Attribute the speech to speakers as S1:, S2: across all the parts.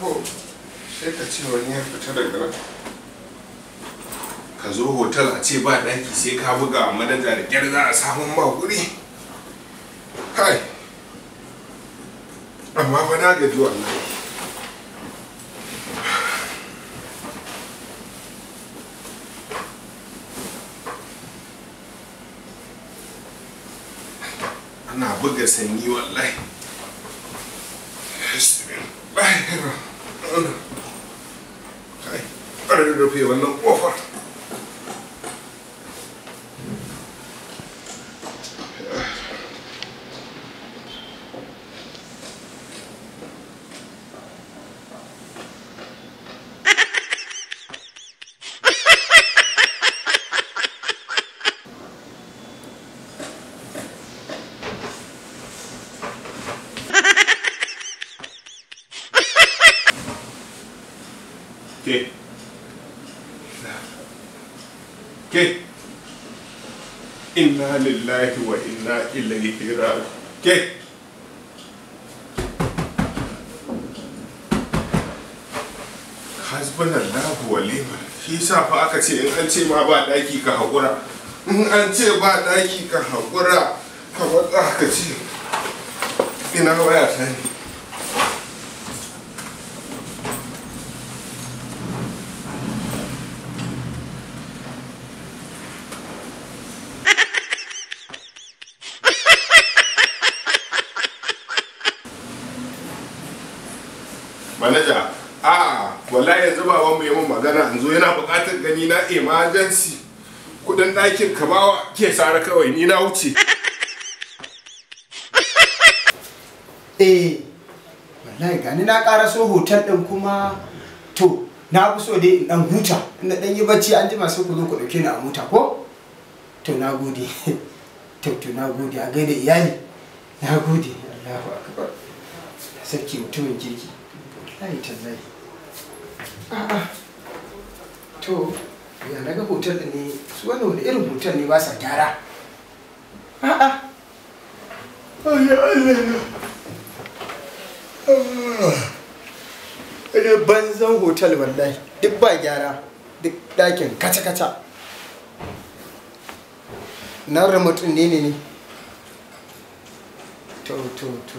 S1: ko sai ka ce wani ya fita daga nan ka zo hotel a ce ba daki sai ka buga manaja da kyar za a samun ba guri kai amma fa na gaji wannan ana buga sanyi wallahi Ai, wannan. Kai, ƙarar rufe wannan ƙofar. ¿Qué? ¿Qué? Inna lillahi wa inna ilayhi raji. ¿Qué? Hasbunallahu wa ni'mal shi sa fa aka ce in an ce ma ba daki ka haƙura in an ce ba daki ka haƙura ka ba ka ce ina waya ta ne manaja a wallahi yanzu ba wani mai magana an zo yana buƙatar gani na emergency kudin ɗakin ka bawa ke sara kawai ni na wuce
S2: eh wallahi gani na ƙara so hotel ɗin kuma to na fi so dai in ɗan huta inda ɗan yi bacci an ji masu ku ku ɗauke ni a mota ko to na gode to na gode a gaida iyali na gode Allahu akbar sarki mutumin kirki ai tallai a'a to ya naga hotel ne su wannan wani irin hotel ne ba sa gyara
S1: a'a Allah Allah
S2: irin banzan hotel wallahi duk ba gyara duk ɗakin kaca-kaca nan ramatu ne ne ne to to to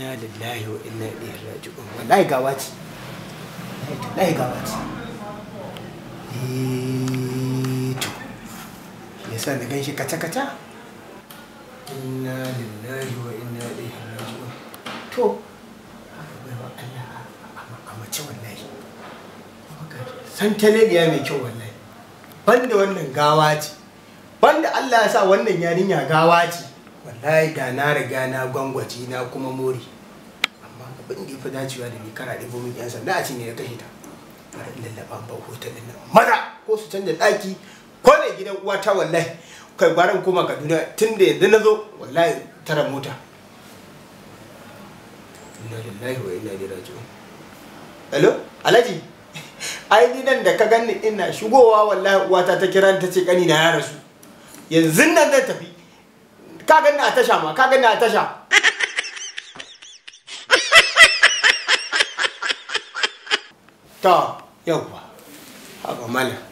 S2: inna lillahi wa inna ilaihi raji'un wallahi gawa ce wallahi gawa ce eh to yasa da ganshi kaca kaca inna lillahi wa inna ilaihi raji'un to a mace wallahi santaleliya mai kyau wallahi banda wannan gawa ce banda Allah ya sa wannan yarinya gawa ce wallahi da na riga na gwangwaci na kuma mori amma abin da ya fi dacewa da ni kara ɗibo min yansa da a ce ne ya kashe ta har lallaba ba hotel din nan maza ko su canza ɗaki ko ne gidan uwa ta wallahi kai gwaran koma kaduna tun da yanzu na zo wallahi tara mota inna lillahi wa inna ilaihi raji'un Alo. alhaji ai ni nan da ka ganni ina shigowa wallahi uwata ta kira ta ce kani na ya rasu yanzu nan zai tafi ka gani a tasha ma ka gani a tasha to yauwa haba malam